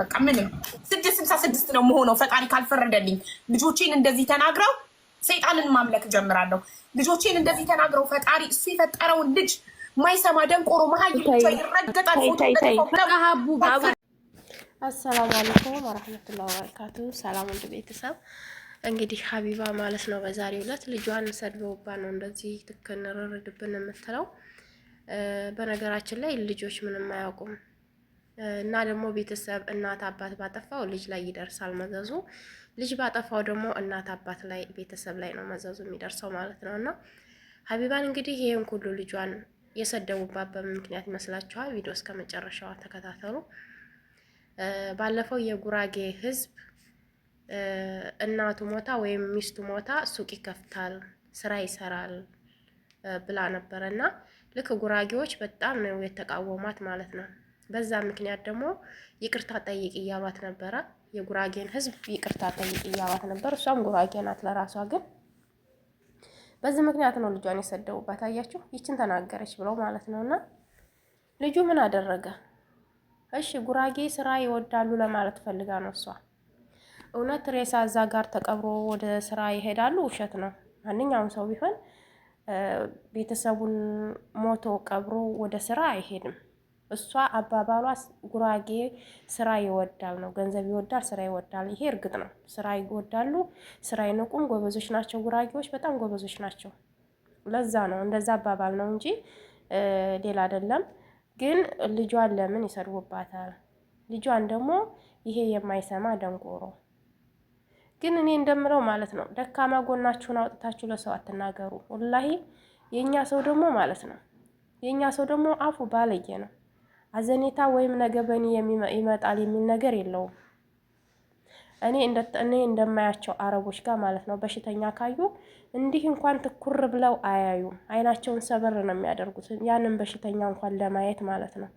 በቃ ምንም ስድስት ስልሳ ስድስት ነው መሆነው ፈጣሪ ካልፈረደልኝ ልጆቼን እንደዚህ ተናግረው ሰይጣንን ማምለክ ጀምራለሁ። ልጆቼን እንደዚህ ተናግረው ፈጣሪ እሱ የፈጠረውን ልጅ ማይሰማ ደንቆሮ መሀይም አሰላሙ አለይኩም ወረህመቱላ ወበረካቱ። ሰላም ወንድ ቤተሰብ እንግዲህ ሀቢባ ማለት ነው በዛሬው ዕለት ልጇን ሰድበውባ ነው እንደዚህ ትክንርርድብን የምትለው። በነገራችን ላይ ልጆች ምንም አያውቁም። እና ደግሞ ቤተሰብ እናት አባት ባጠፋው ልጅ ላይ ይደርሳል መዘዙ። ልጅ ባጠፋው ደግሞ እናት አባት ላይ ቤተሰብ ላይ ነው መዘዙ የሚደርሰው ማለት ነው። እና ሀቢባን እንግዲህ ይህን ሁሉ ልጇን የሰደቡባት በምን ምክንያት ይመስላችኋል? ቪዲዮ እስከ መጨረሻዋ ተከታተሉ። ባለፈው የጉራጌ ህዝብ እናቱ ሞታ ወይም ሚስቱ ሞታ ሱቅ ይከፍታል፣ ስራ ይሰራል ብላ ነበረ እና ልክ ጉራጌዎች በጣም ነው የተቃወሟት ማለት ነው። በዛ ምክንያት ደግሞ ይቅርታ ጠይቅ እያሏት ነበረ። የጉራጌን ህዝብ ይቅርታ ጠይቅ እያሏት ነበር። እሷም ጉራጌ ናት ለራሷ ግን በዚህ ምክንያት ነው ልጇን የሰደቡባት። አያችሁ፣ ይችን ተናገረች ብለው ማለት ነው። እና ልጁ ምን አደረገ? እሺ ጉራጌ ስራ ይወዳሉ ለማለት ፈልጋ ነው እሷ። እውነት ሬሳ እዛ ጋር ተቀብሮ ወደ ስራ ይሄዳሉ? ውሸት ነው። ማንኛውም ሰው ቢሆን ቤተሰቡን ሞቶ ቀብሮ ወደ ስራ አይሄድም። እሷ አባባሏ ጉራጌ ስራ ይወዳል ነው። ገንዘብ ይወዳል፣ ስራ ይወዳል። ይሄ እርግጥ ነው። ስራ ይወዳሉ፣ ስራ ይንቁም። ጎበዞች ናቸው። ጉራጌዎች በጣም ጎበዞች ናቸው። ለዛ ነው እንደዛ አባባል ነው እንጂ ሌላ አይደለም። ግን ልጇን ለምን ይሰድቡባታል? ልጇን ደግሞ ይሄ የማይሰማ ደንቆሮ። ግን እኔ እንደምለው ማለት ነው ደካማ ጎናችሁን አውጥታችሁ ለሰው አትናገሩ። ወላሂ የእኛ ሰው ደግሞ ማለት ነው የእኛ ሰው ደግሞ አፉ ባለየ ነው። አዘኔታ ወይም ነገ በእኔ ይመጣል የሚል ነገር የለውም። እኔ እንደማያቸው አረቦች ጋር ማለት ነው። በሽተኛ ካዩ እንዲህ እንኳን ትኩር ብለው አያዩም። አይናቸውን ሰበር ነው የሚያደርጉት፣ ያንን በሽተኛ እንኳን ለማየት ማለት ነው።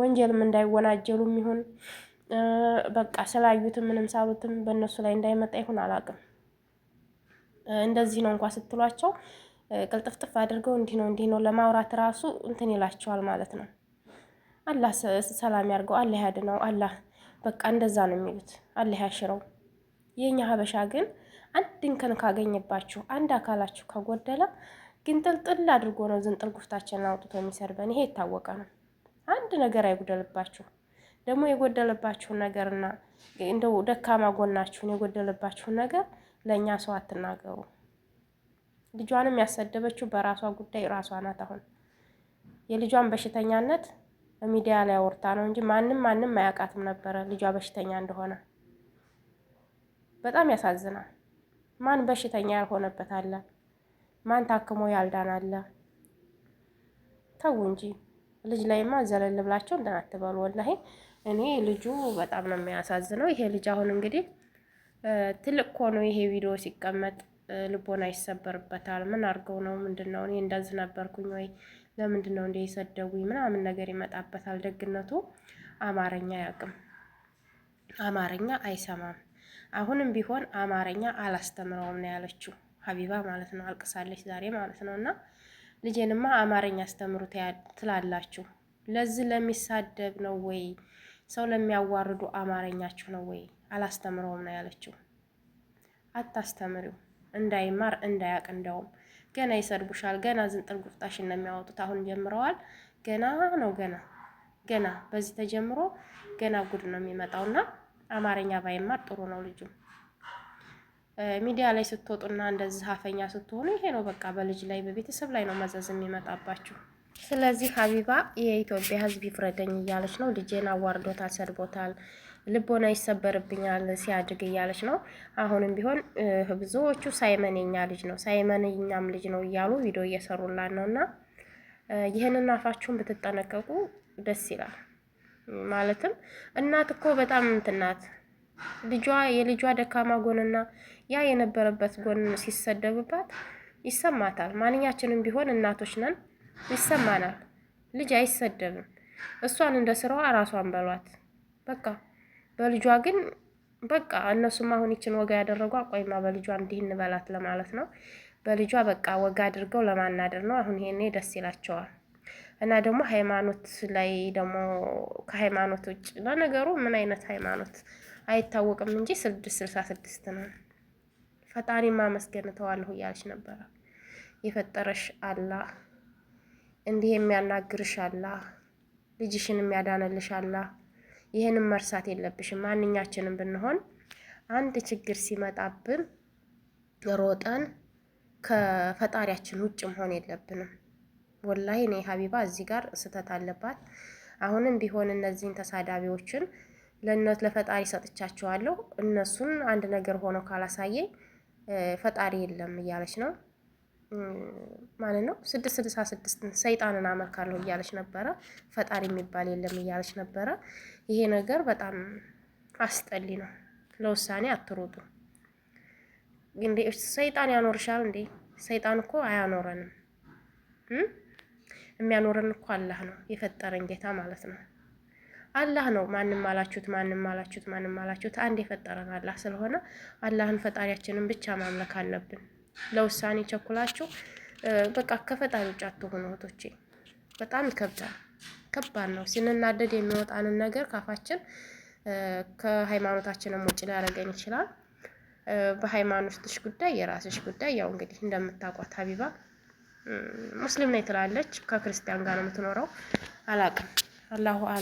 ወንጀልም እንዳይወናጀሉም ይሁን በቃ ስላዩትም ምንም ሳሉትም በእነሱ ላይ እንዳይመጣ ይሁን አላውቅም። እንደዚህ ነው እንኳ ስትሏቸው ቅልጥፍጥፍ አድርገው እንዲህ ነው እንዲህ ነው ለማውራት ራሱ እንትን ይላቸዋል ማለት ነው። አላህ ሰላም ያርገው፣ አላህ ያድነው፣ አላህ በቃ እንደዛ ነው የሚሉት፣ አላህ ያሽረው። የኛ ሀበሻ ግን አንድ እንከን ካገኘባችሁ አንድ አካላችሁ ከጎደለ ግን ጥልጥል አድርጎ ነው ዝንጥል ጉፍታችንን አውጥቶ የሚሰርበን። ይሄ የታወቀ ነው። አንድ ነገር አይጎደልባችሁ። ደግሞ የጎደለባችሁን ነገርና እንደው ደካማ ጎናችሁን የጎደለባችሁን ነገር ለእኛ ሰው አትናገሩ። ልጇንም ያሰደበችው በራሷ ጉዳይ ራሷ ናት። አሁን የልጇን በሽተኛነት ሚዲያ ላይ አውርታ ነው እንጂ ማንም ማንም አያውቃትም ነበረ ልጇ በሽተኛ እንደሆነ። በጣም ያሳዝናል። ማን በሽተኛ ያልሆነበት አለ? ማን ታክሞ ያልዳን አለ? ተው እንጂ ልጅ ላይማ ዘለል ብላቸው እንዳትበሉ። ወላሂ እኔ ልጁ በጣም ነው የሚያሳዝነው። ይሄ ልጅ አሁን እንግዲህ ትልቅ ሆኖ ይሄ ቪዲዮ ሲቀመጥ ልቦና ይሰበርበታል። ምን አድርገው ነው ምንድን ነው? እኔ እንደዚህ ነበርኩኝ ወይ ለምንድን ነው እንደ የሰደቡኝ ምናምን ነገር ይመጣበታል። ደግነቱ አማርኛ አያውቅም፣ አማርኛ አይሰማም። አሁንም ቢሆን አማርኛ አላስተምረውም ነው ያለችው ሀቢባ ማለት ነው። አልቅሳለች ዛሬ ማለት ነው። እና ልጄንማ አማርኛ አስተምሩ ትላላችሁ። ለዚህ ለሚሳደብ ነው ወይ ሰው ለሚያዋርዱ አማርኛችሁ ነው ወይ? አላስተምረውም ነው ያለችው። አታስተምሪው እንዳይማር እንዳያቅ እንደውም ገና ይሰድቡሻል። ገና ዝንጥል ጉፍጣሽን ነው የሚያወጡት። አሁን ጀምረዋል። ገና ነው ገና ገና በዚህ ተጀምሮ ገና ጉድ ነው የሚመጣውና አማርኛ ባይማር ጥሩ ነው። ልጁ ሚዲያ ላይ ስትወጡና እንደዚህ አፈኛ ስትሆኑ ይሄ ነው በቃ። በልጅ ላይ በቤተሰብ ላይ ነው መዘዝ የሚመጣባችሁ። ስለዚህ ሀቢባ የኢትዮጵያ ሕዝብ ይፍረደኝ እያለች ነው። ልጄን አዋርዶታል፣ ሰድቦታል፣ ልቦና ይሰበርብኛል ሲያድግ እያለች ነው። አሁንም ቢሆን ብዙዎቹ ሳይመን የኛ ልጅ ነው፣ ሳይመን የኛም ልጅ ነው እያሉ ቪዲዮ እየሰሩላት ነው። እና ይህንን አፋችሁን ብትጠነቀቁ ደስ ይላል። ማለትም እናት እኮ በጣም እንትናት ልጇ የልጇ ደካማ ጎንና ያ የነበረበት ጎን ሲሰደብባት ይሰማታል። ማንኛችንም ቢሆን እናቶች ነን። ይሰማናል። ልጅ አይሰደብም። እሷን እንደ ስራዋ እራሷን በሏት በቃ። በልጇ ግን በቃ እነሱም አሁን ይችን ወጋ ያደረጉ አቆይማ በልጇ እንዲህ እንበላት ለማለት ነው። በልጇ በቃ ወጋ አድርገው ለማናደር ነው። አሁን ይሄኔ ደስ ይላቸዋል። እና ደግሞ ሃይማኖት ላይ ደግሞ ከሃይማኖት ውጭ ለነገሩ ምን አይነት ሃይማኖት አይታወቅም እንጂ ስድስት ስልሳ ስድስት ነው። ፈጣሪ ማመስገን ተዋለሁ እያለች ነበረ። የፈጠረሽ አላህ እንዲህ የሚያናግርሽ አላህ፣ ልጅሽን የሚያዳነልሽ አላህ። ይህንም መርሳት የለብሽም። ማንኛችንም ብንሆን አንድ ችግር ሲመጣብን ሮጠን ከፈጣሪያችን ውጭ መሆን የለብንም። ወላሂ እኔ ሀቢባ እዚህ ጋር ስህተት አለባት። አሁንም ቢሆን እነዚህን ተሳዳቢዎችን ለፈጣሪ ሰጥቻቸዋለሁ። እነሱን አንድ ነገር ሆኖ ካላሳየኝ ፈጣሪ የለም እያለች ነው። ማለት ነው ስድስት ስድሳ ስድስትን ሰይጣንን አመልካለሁ እያለች ነበረ። ፈጣሪ የሚባል የለም እያለች ነበረ። ይሄ ነገር በጣም አስጠሊ ነው። ለውሳኔ አትሮጡ እንዴ! ሰይጣን ያኖርሻል እንዴ? ሰይጣን እኮ አያኖረንም። የሚያኖረን እኮ አላህ ነው፣ የፈጠረን ጌታ ማለት ነው። አላህ ነው። ማንም አላችሁት፣ ማንም አላችሁት፣ ማንም አላችሁት፣ አንድ የፈጠረን አላህ ስለሆነ አላህን ፈጣሪያችንን ብቻ ማምለክ አለብን። ለውሳኔ ቸኩላችሁ በቃ ከፈጣሪ ውጭ አትሆኑ እህቶቼ። በጣም ይከብዳል፣ ከባድ ነው። ስንናደድ የሚወጣንን ነገር ካፋችን ከሃይማኖታችንም ውጭ ሊያደርገን ይችላል። በሃይማኖትሽ ጉዳይ የራስሽ ጉዳይ። ያው እንግዲህ እንደምታውቋት ሀቢባ ሙስሊም ነኝ ትላለች፣ ከክርስቲያን ጋር ነው የምትኖረው። አላቅም አላሁ